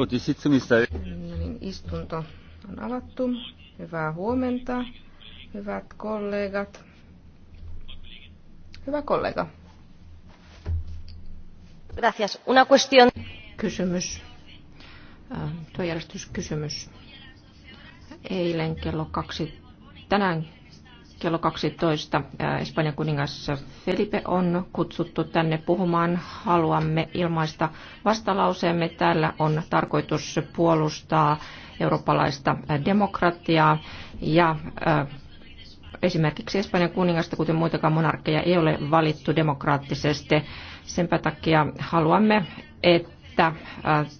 Niin, istunto on alattu. Hyvää huomenta, hyvät kollegat. Hyvä kollega. Gracias. Una cuestión. Kysymys. järjestyskysymys. Eilen kello kaksi, tänään kello 12 Espanjan kuningas Felipe on kutsuttu tänne puhumaan. Haluamme ilmaista vastalauseemme. Täällä on tarkoitus puolustaa eurooppalaista demokratiaa ja esimerkiksi Espanjan kuningasta, kuten muitakaan monarkkeja, ei ole valittu demokraattisesti. Senpä takia haluamme, että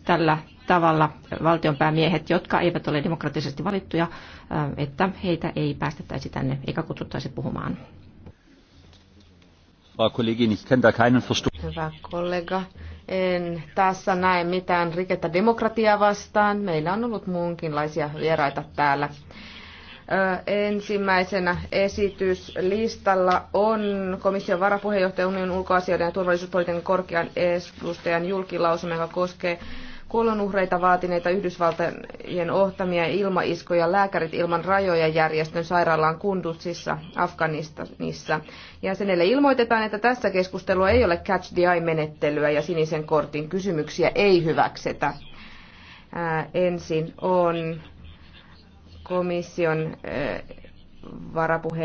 tällä tavalla valtionpäämiehet, jotka eivät ole demokraattisesti valittuja, että heitä ei päästettäisi tänne eikä kutsuttaisi puhumaan. Hyvä kollega, en tässä näe mitään rikettä demokratiaa vastaan. Meillä on ollut muunkinlaisia vieraita täällä. Ensimmäisenä esityslistalla on komission varapuheenjohtaja unionin ulkoasioiden ja turvallisuuspolitiikan korkean edustajan julkilausuma, joka koskee kuolonuhreita vaatineita Yhdysvaltojen ohtamia ilmaiskoja Lääkärit ilman rajoja järjestön sairaalaan Kundutsissa Afganistanissa. Jäsenelle ilmoitetaan, että tässä keskustelua ei ole catch the eye-menettelyä ja sinisen kortin kysymyksiä ei hyväksetä. Ää, äh, ensin on komission ää, äh, varapuhe